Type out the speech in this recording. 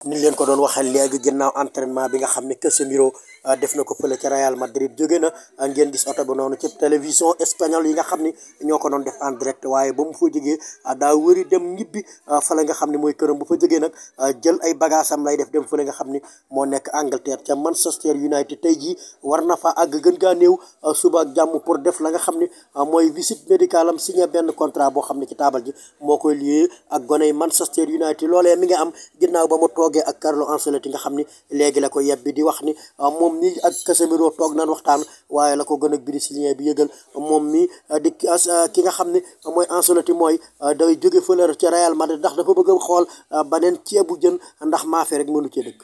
ni leen ko doon waxal léegi ginnaaw entraînement bi nga xam ne Casemiro euh, def na ko fële ca Real Madrid jóge na euh, ngeen gis oto bi noonu ci télévision espagnol yi nga xam ne ñoo ko doon def en direct waaye ba mu fa jógee euh, daa wëri dem ñibbi fële nga xam ne mooy këram bu fa jógee nag jël ay bagages am lay def dem fële nga xam ni moo nekk Angleterre ca Manchester United tey jii war na fa àgg gën gaa néew suba ak jàmm pour def la nga xam ni mooy visite médicale am signé benn contrat boo xam ne ci taabal ji moo koy lié ak goney Manchester United loolee mi nga am ginnaaw ba toogee ak Carlo Ancelotti nga xam ni léegi la ko yebbi di wax ni ah, moom mi ak Casemiro toog naan waxtaan waaye la ko gën ak brésilien bi yëgal moom mi ah, di ah, ki nga xam ni mooy Ancelotti mooy day jóge fële ca Real Madrid ndax dafa bëgg a xool baneen ceebu jën ndax maafe rek mënu cee dëkk